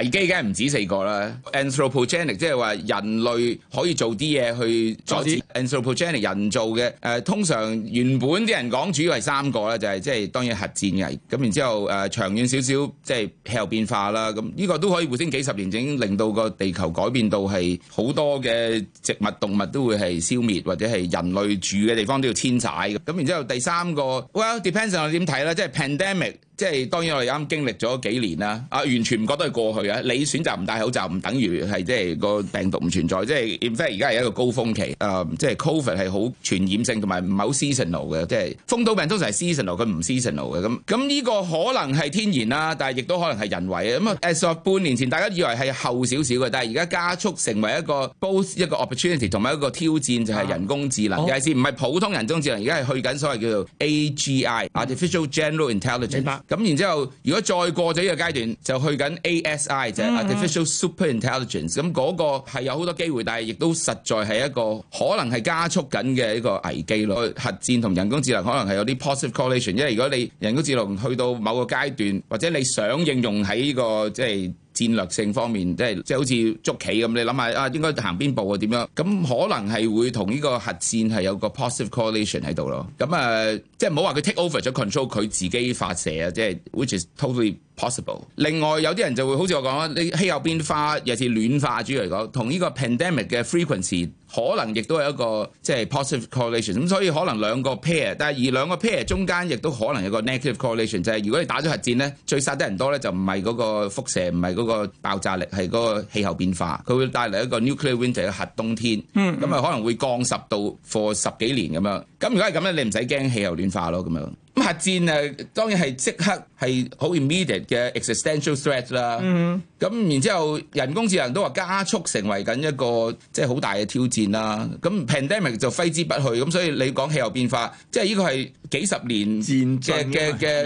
危機梗係唔止四個啦，anthropogenic 即係話人類可以做啲嘢去阻止 anthropogenic 人造嘅、呃、通常原本啲人講主要係三個啦，就係即係當然核戰嘅，咁然後之後誒、呃、長遠少少即係氣候變化啦，咁呢個都可以互先幾十年整，已經令到個地球改變到係好多嘅植物動物都會係消滅，或者係人類住嘅地方都要遷徙，咁咁，然後之後第三個，well depends on 點睇啦，即係 pandemic。即係當然我哋啱經歷咗幾年啦，啊完全唔覺得係過去啊！你選擇唔戴口罩唔等於係即係個病毒唔存在，即係 even if 而家係一個高峰期，誒即係 covid 係好傳染性同埋唔係好 seasonal 嘅，即係風土病通常係 seasonal，佢唔 seasonal 嘅咁咁呢個可能係天然啦，但係亦都可能係人為嘅咁啊。誒，半年前大家以為係後少少嘅，但係而家加速成為一個 both 一個 opportunity 同埋一個挑戰，就係人工智能嘅意思，唔係普通人工智能，而家係去緊所謂叫做 AGI artificial general intelligence。咁然之後，如果再過咗呢個階段，就去緊 ASI 即係 artificial super intelligence。咁嗰個係有好多機會，但係亦都實在係一個可能係加速緊嘅一個危機咯。核戰同人工智能可能係有啲 positive correlation，因為如果你人工智能去到某個階段，或者你想應用喺呢個即係。戰略性方面，即係即係好似捉棋咁，你諗下啊，應該行邊步啊？點樣咁可能係會同呢個核戰係有個 positive correlation 喺度咯。咁啊，即係唔好話佢 take over 咗 control，佢自己發射啊，即係 which is totally。possible。另外有啲人就會好似我講啦，你氣候變化又是暖化主要嚟講，同呢個 pandemic 嘅 frequency 可能亦都係一個即係 positive correlation。咁所以可能兩個 pair，但係而兩個 pair 中間亦都可能有個 negative correlation，就係如果你打咗核戰咧，最殺得人多咧就唔係嗰個輻射，唔係嗰個爆炸力，係嗰個氣候變化，佢會帶嚟一個 nuclear winter 嘅核冬天。嗯，咁啊可能會降十度 for 十幾年咁樣。咁如果係咁樣，你唔使驚氣候暖化咯咁核戰誒，當然係即刻係好 immediate 嘅 existential threat 啦。咁然之後人工智能都話加速成為緊一個即係好大嘅挑戰啦。咁 pandemic 就揮之不去。咁所以你講氣候變化，即係呢個係幾十年戰績嘅嘅。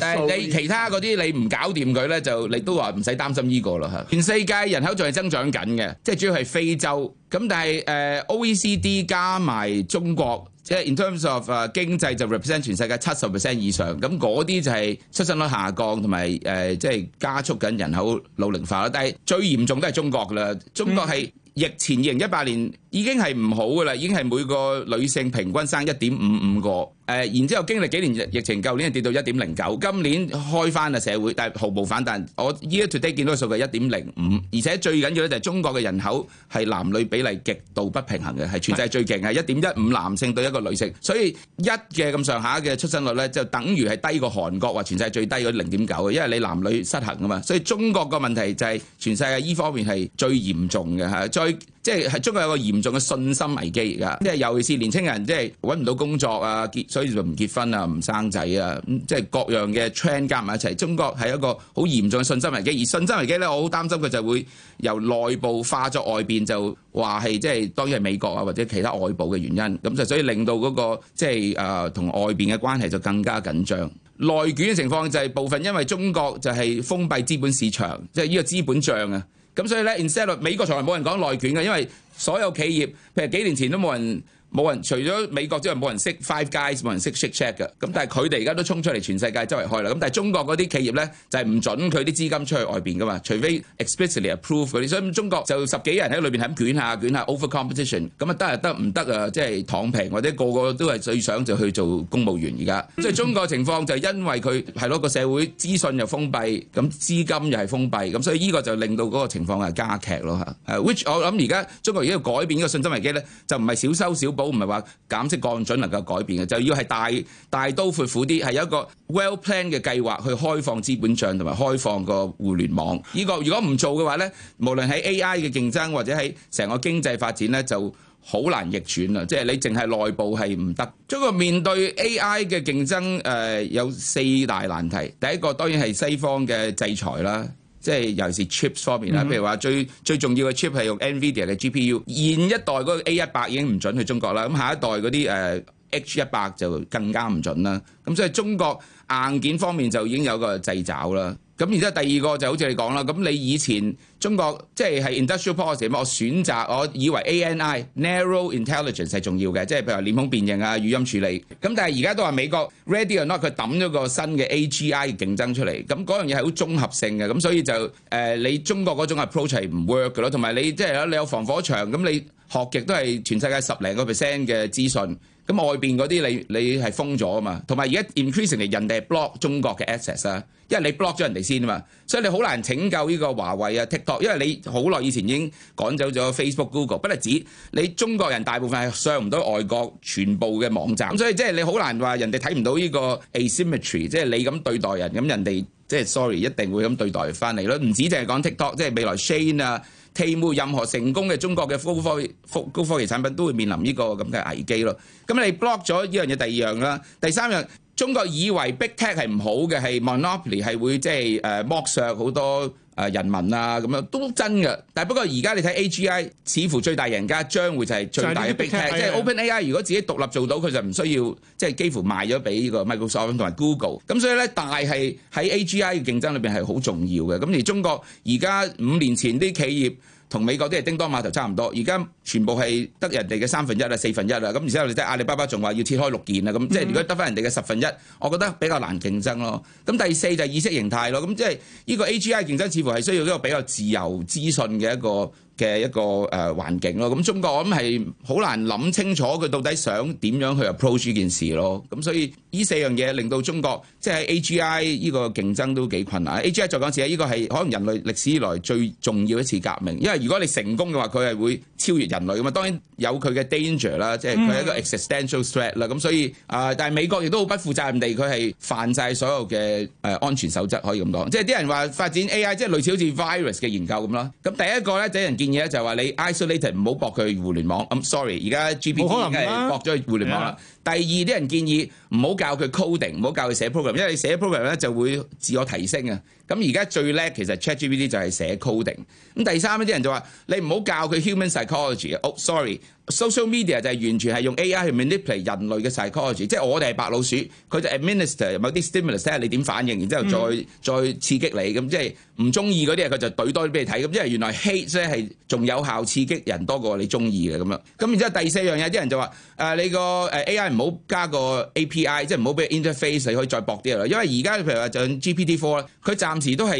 但係你其他嗰啲你唔搞掂佢咧，就你都話唔使擔心呢個啦嚇。全世界人口仲係增長緊嘅，即係主要係非洲。咁但係誒，OECD 加埋中國。即係 in terms of 啊、uh, 經濟就 represent 全世界七十 percent 以上，咁嗰啲就係出生率下降同埋誒即係加速緊人口老齡化啦。但係最嚴重都係中國啦，中國係。嗯疫前二零一八年已經係唔好㗎啦，已經係每個女性平均生一點五五個，誒、呃、然之後經歷幾年疫情，舊年係跌到一點零九，今年開翻啊社會，但係毫無反彈。我依家 today 見到嘅數據一點零五，而且最緊要咧就係中國嘅人口係男女比例極度不平衡嘅，係全世界最勁嘅一點一五男性對一個女性，所以一嘅咁上下嘅出生率咧就等於係低過韓國話全世界最低嘅零點九嘅，因為你男女失衡啊嘛，所以中國個問題就係全世界依方面係最嚴重嘅嚇。即係係中國有個嚴重嘅信心危機，而家，即係尤其是年青人，即係揾唔到工作啊，結所以就唔結婚啊，唔生仔啊，即係各樣嘅趨向加埋一齊，中國係一個好嚴重嘅信心危機。而信心危機咧，我好擔心佢就會由內部化作外邊，就話係即係當然係美國啊或者其他外部嘅原因，咁就所以令到嗰個即係誒同外邊嘅關係就更加緊張。內卷嘅情況就係部分因為中國就係封閉資本市場，即係呢個資本帳啊。咁所以咧，instead，美國從來冇人講內卷嘅，因為所有企業，譬如幾年前都冇人。冇人，除咗美國之外，冇人識 Five Guys，冇人識 Shake Shack 嘅。咁但係佢哋而家都衝出嚟全世界周圍開啦。咁但係中國嗰啲企業咧，就係、是、唔準佢啲資金出去外邊噶嘛，除非 explicitly approve 佢。所以中國就十幾人喺裏面,裡面捲卷卷，係咁捲下捲下 over competition，咁啊得又得，唔得啊即係躺平，或者個個都係最想就去做公務員而家。即係中國情況就係因為佢係咯個社會資訊又封閉，咁資金又係封閉，咁所以呢個就令到嗰個情況係加劇咯嚇。係 which 我諗而家中國而家要改變呢個信心危機咧，就唔係小修小都唔係話減息降準能夠改變嘅，就要係大大刀闊斧啲，係有一個 well plan 嘅計劃去開放資本帳同埋開放個互聯網。呢、呢個如果唔做嘅話呢，無論喺 AI 嘅競爭或者喺成個經濟發展呢，就好難逆轉啦。即、就、係、是、你淨係內部係唔得。中國面對 AI 嘅競爭誒、呃，有四大難題。第一個當然係西方嘅制裁啦。即係尤其是 chips 方面啦，譬如話最最重要嘅 chip 係用 NVIDIA 嘅 GPU，現一代嗰個 A 一百已經唔準去中國啦，咁下一代嗰啲誒 H 一百就更加唔準啦，咁所以中國硬件方面就已經有個掣肘啦。咁然之後，第二個就好似你講啦。咁你以前中國即係係 industrial policy，我選擇我以為 ANI narrow intelligence 係重要嘅，即係譬如話臉孔辨認啊、語音處理。咁但係而家都話美國 ready or not，佢抌咗個新嘅 AGI 競爭出嚟。咁嗰樣嘢係好綜合性嘅，咁所以就誒、呃、你中國嗰種 approach 係唔 work 嘅咯。同埋你即係你有防火牆，咁你學極都係全世界十零個 percent 嘅資訊。的資訊咁外邊嗰啲你你係封咗啊嘛，同埋而家 increasingly 人哋 block 中國嘅 access 啊，因為你 block 咗人哋先啊嘛，所以你好難拯救呢個華為啊 TikTok，因為你好耐以前已經趕走咗 Facebook Google，不單止你中國人大部分係上唔到外國全部嘅網站，咁所以即係你好難話人哋睇唔到呢個 asymmetry，即係你咁對待人，咁人哋即係 sorry 一定會咁對待翻嚟咯，唔止淨係講 TikTok，即係未來 Shane 啊期冇任何成功嘅中國嘅高科技高科技產品都會面臨呢個咁嘅危機咯。咁你 block 咗依樣嘢，第二樣啦，第三樣。中國以為 Big Tech 係唔好嘅，係 monopoly 係會即係誒剝削好多誒人民啊，咁樣都真嘅，但不過而家你睇 AGI 似乎最大贏家將會就係最大嘅 Big, Big Tech，即係 OpenAI 如果自己獨立做到，佢就唔需要即係幾乎賣咗俾呢個 Microsoft 同埋 Google，咁所以咧大係喺 AGI 嘅競爭裏面係好重要嘅，咁而中國而家五年前啲企業。同美國啲叮噹馬頭差唔多，而家全部係得人哋嘅三分一啦、四分一啦咁然之後你睇阿里巴巴仲話要切開六件啦咁即係如果得翻人哋嘅十分一，我覺得比較難競爭咯。咁第四就意識形態咯，咁即係呢個 AGI 競爭似乎係需要一個比較自由資訊嘅一個嘅一個誒環境咯，咁中國我諗係好難諗清楚佢到底想點樣去 approach 呢件事咯，咁所以呢四樣嘢令到中國即係 A G I 呢個競爭都幾困難。A G I 再講次咧，依、呢個係可能人類歷史以來最重要一次革命，因為如果你成功嘅話，佢係會超越人類咁嘛。當然有佢嘅 danger 啦，即係佢係一個 existential threat 啦。咁所以啊、呃，但係美國亦都好不負責任地，佢係犯晒所有嘅、呃、安全守則，可以咁講。即係啲人話發展 A I，即係類似好似 virus 嘅研究咁啦。咁第一個咧，就係人。建議咧就係話你 isolated 唔好駁佢互聯網。I'm sorry，而家 GPT 係駁咗去互聯網啦、啊。第二，啲人建議唔好教佢 coding，唔好教佢寫 program，因為你寫 program 咧就會自我提升啊。咁而家最叻其實 ChatGPT 就係寫 coding。咁第三，啲人就話你唔好教佢 human psychology。Oh sorry，social media 就係完全係用 AI 去 manipulate 人類嘅 psychology，即係、就是、我哋係白老鼠，佢就 administer 某啲 stimulus，睇下你點反應，然之後再再刺激你咁，即係唔中意嗰啲嘢，佢就懟多啲俾你睇。咁因為原來 hate 即、就、係、是仲有效刺激人多過你中意嘅咁樣，咁然之後第四樣嘢，啲人就話，誒、呃、你個誒 A I 唔好加個 A P I，即係唔好俾 interface，你可以再薄啲啊，因為而家譬如話就 G P T Four 佢暫時都係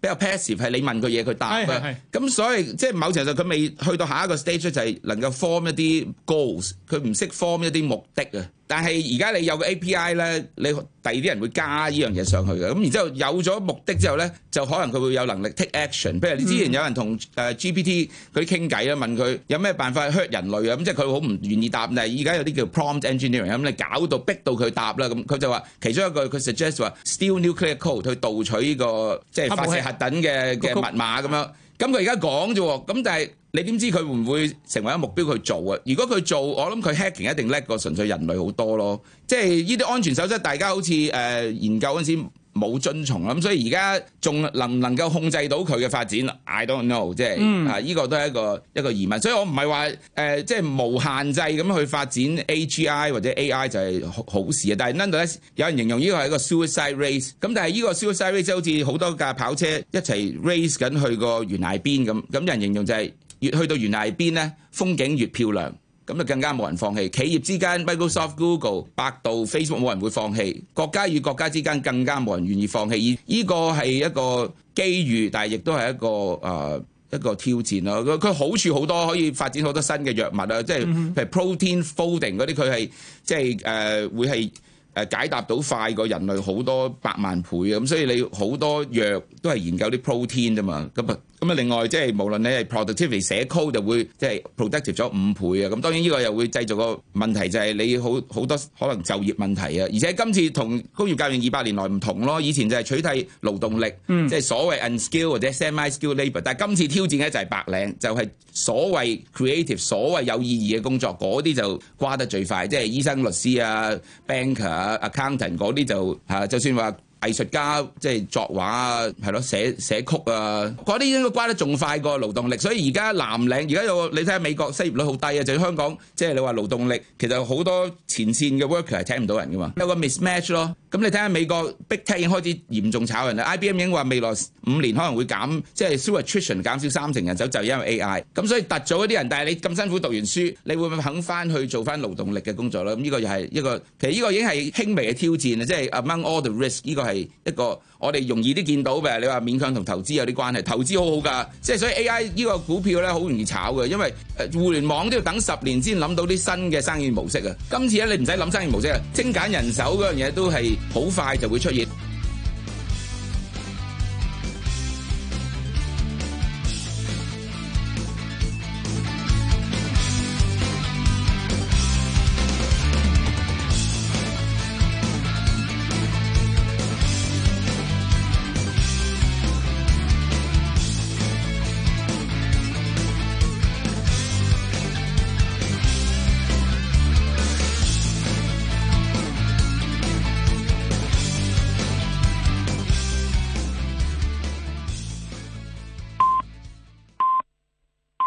比較 passive，係你問佢嘢佢答嘅，咁所以，是是所以即係某程度佢未去到下一個 stage 就係能夠 form 一啲 goals，佢唔識 form 一啲目的啊。但係而家你有個 API 咧，你第二啲人會加呢樣嘢上去嘅。咁然之後有咗目的之後咧，就可能佢會有能力 take action。譬如你之前有人同 GPT 佢傾偈啦，問佢有咩辦法 hurt 人類啊？咁即係佢好唔願意答，但係而家有啲叫 prompt engineering 咁，你搞到逼到佢答啦。咁佢就話其中一句，佢 suggest 話 steal nuclear code 去盜取呢個即係發射核彈嘅嘅密碼咁樣。咁佢而家講啫喎，咁但係。你點知佢會唔會成為一個目標去做啊？如果佢做，我諗佢 hacking 一定叻過純粹人類好多咯。即係呢啲安全守則，大家好似誒、呃、研究嗰陣時冇遵從。咁所以而家仲能唔能夠控制到佢嘅發展？I don't know，即係、嗯、啊，呢、這個都係一個一個疑問。所以我唔係話誒，即係無限制咁去發展 AGI 或者 AI 就係好好事啊。但係 another 有人形容呢個係一個 suicide race。咁但係呢個 suicide race 好似好多架跑車一齊 race 緊去個懸崖邊咁。咁有人形容就係、是。越去到懸崖邊咧，風景越漂亮，咁就更加冇人放棄。企業之間，Microsoft、Google、百度、Facebook 冇人會放棄。國家與國家之間更加冇人願意放棄。呢個個係一個機遇，但係亦都係一個、呃、一個挑戰啦。佢好處好多，可以發展好多新嘅藥物啊！即係譬、嗯、如 protein folding 嗰啲，佢係即係、呃、會係、呃、解答到快過人類好多百萬倍。咁所以你好多藥都係研究啲 protein 啫嘛，咁啊，另外即係無論你係 productivity 寫 code 就會，即、就、係、是、productive 咗五倍啊！咁當然呢個又會製造個問題，就係你好好多可能就業問題啊！而且今次同工業革命二百年來唔同咯，以前就係取替勞動力，嗯、即係所謂 unskilled 或者 semi-skilled labor 但係今次挑戰嘅就係白領，就係、是、所謂 creative、所謂有意義嘅工作，嗰啲就瓜得最快，即係醫生、律師啊、banker 啊、accountant 嗰啲就嚇、啊，就算話。藝術家即係作畫啊，係咯，寫曲啊，嗰啲應該關得仲快過勞動力，所以而家南嶺而家有個，你睇下美國失業率好低啊，就香港即係你話勞動力其實好多前線嘅 worker 係請唔到人㗎嘛，有個 mismatch 咯。咁你睇下美國 Big Tech 已經開始嚴重炒人啦，IBM 已經話未來五年可能會減即係 supertration 減少三成人手，就因為 AI。咁所以突咗嗰啲人，但係你咁辛苦讀完書，你會唔會肯翻去做翻勞動力嘅工作咧？咁、這、呢個又係一個，其實呢個已經係輕微嘅挑戰啊，即係 among all the r i s k 係一個我哋容易啲見到嘅，你話勉強同投資有啲關係，投資好好㗎，即係所以 AI 呢個股票咧好容易炒嘅，因為誒互聯網都要等十年先諗到啲新嘅生意模式啊，今次咧你唔使諗生意模式啊，精簡人手嗰樣嘢都係好快就會出現。